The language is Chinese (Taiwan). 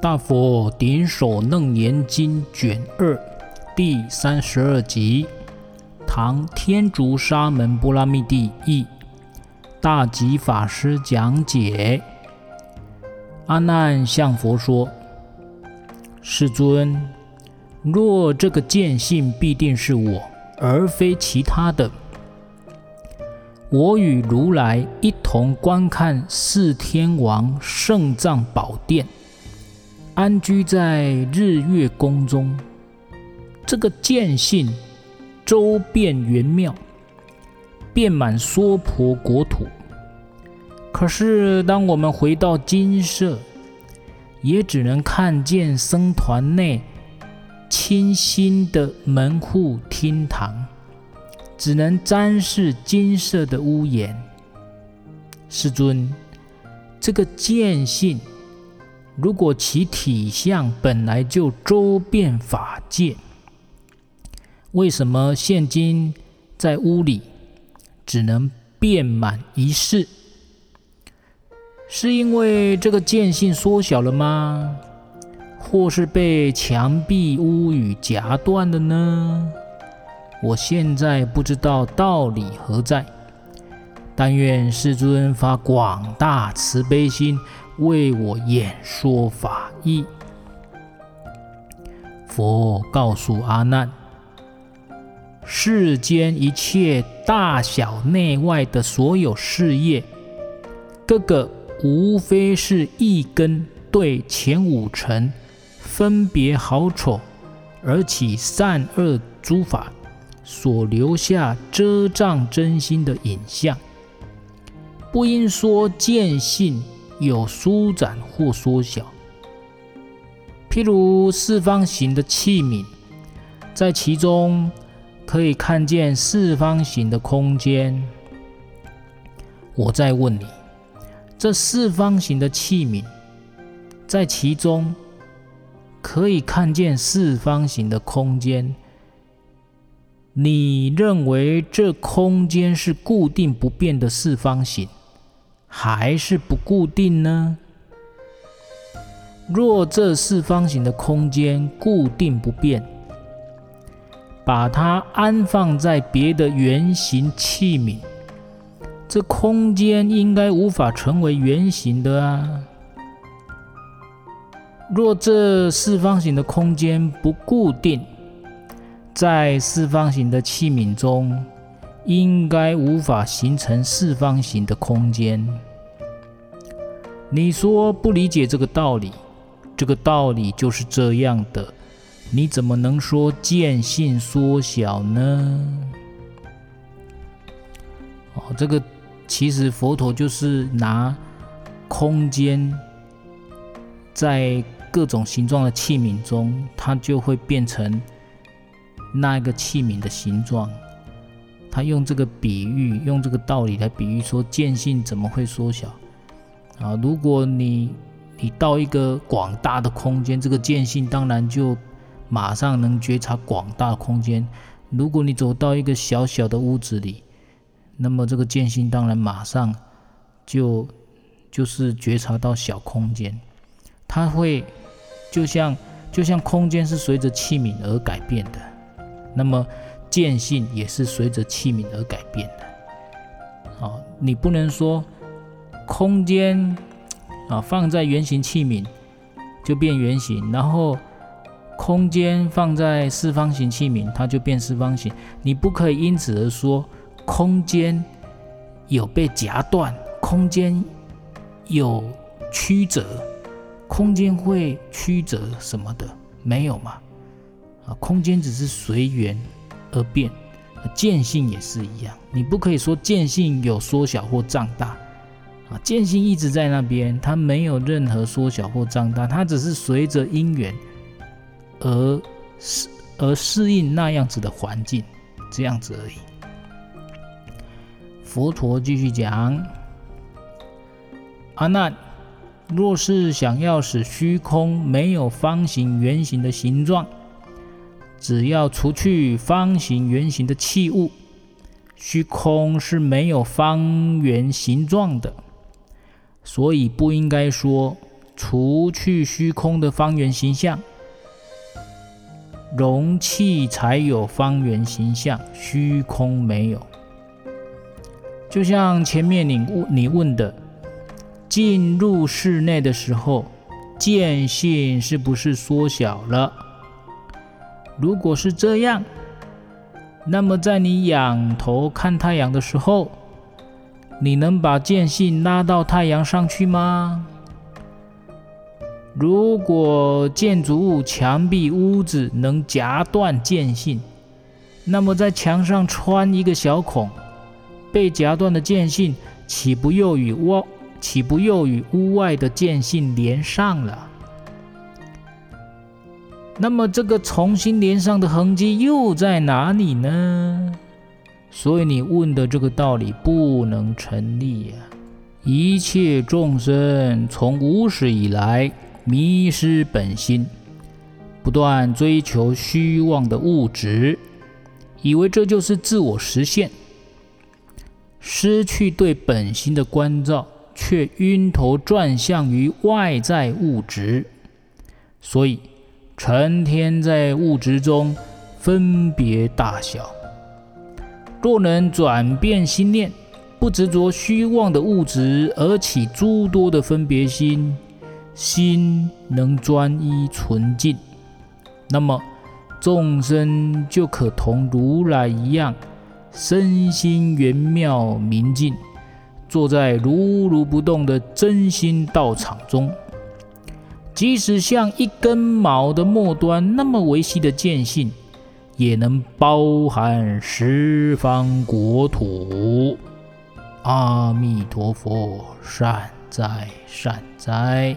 大佛頂首楞嚴經卷二第三十二集，唐天竺沙門般剌密帝譯，大寂法師講解。阿難向佛說：“世尊，若這個見性必定是我，而非其他的，我與如來一同觀看四天王勝藏寶殿。”安居在日月宮中，這個見性周遍圓妙，遍滿娑婆國土。可是，當我們回到精舍，也只能看見僧團內清心的門戶廳堂，只能瞻視金色的屋檐。世尊，這個見性。如果其體相本來就周遍法界，為什麼現今在屋裡只能遍滿一室？是因為這個見性縮小了嗎？或是被牆壁、屋宇夾斷了呢？我現在不知道道理何在，但願世尊發廣大慈悲心。為我演說法義。佛告訴阿難：世間一切大小內外的所有事業，各個無非是一根對前五塵分別好醜，而起善惡諸法，所留下遮障真心的影像，不應說見性。有舒展或縮小，譬如四方形的器皿，在其中可以看見四方形的空間。我再問你，這四方形的器皿在其中可以看見四方形的空間，你認為這空間是固定不變的四方形，還是不固定呢？若這四方形的空間固定不變，把它安放在別的圓形器皿，這空間應該無法成為圓形的啊。若這四方形的空間不固定，在四方形的器皿中。應該無法形成四方形的空間。你說不理解這個道理，這個道理就是這樣的，你怎麼能說見性縮小呢？哦，這個其實佛陀就是拿空間在各種形狀的器皿中，它就會變成那個器皿的形狀。他用這個比喻，用這個道理來比喻說，見性怎麼會縮小？啊，如果你你到一個廣大的空間，這個見性當然就馬上能覺察廣大的空間；如果你走到一個小小的屋子裡，那麼這個見性當然馬上就就是覺察到小空間。它會就像就像空間是隨着器皿而改變的，那麼。見性也是隨着器皿而改變的，啊，你不能說空間啊放在圓形器皿就變圓形，然後空間放在四方形器皿它就變四方形，你不可以因此而說空間有被夾斷，空間有曲折，空間會曲折什麼的沒有嘛，啊，空間只是隨緣而變，而見性也是一樣。你不可以說見性有縮小或脹大，啊，見性一直在那邊，它沒有任何縮小或脹大，它只是隨着因緣而適而適應那樣子的環境，這樣子而已。佛陀繼續講：阿難，若是想要使虛空沒有方形、圓形的形狀，只要除去方形、圓形的器物，虛空是沒有方圓形狀的，所以不應該說除去虛空的方圓形象，容器才有方圓形象，虛空沒有。就像前面你問你問的，進入室內的時候，見性是不是縮小了？如果是這樣，那麼在你仰頭看太陽的時候，你能把見性拉到太陽上去嗎？如果建築物、牆壁、屋子能夾斷見性，那麼在牆上穿一個小孔，被夾斷的見性豈不又與屋豈不又與屋外的見性連上了？那麼這個重新連上的痕跡又在哪裡呢？所以你問的這個道理不能成立啊。一切眾生從無始以來迷失本心，不斷追求虛妄的物質，以為這就是自我實現。失去對本心的關照，卻暈頭轉向於外在物質，所以。成天在物質中分別大小，若能轉變心念，不執着虛妄的物質，而起諸多的分別心，心能專一純淨，那麼眾生就可同如來一樣，身心圓妙明淨，坐在如如不動的真心道場中。即使像一根毛的末端那麼微細的見性，也能包含十方國土。阿彌陀佛，善哉善哉。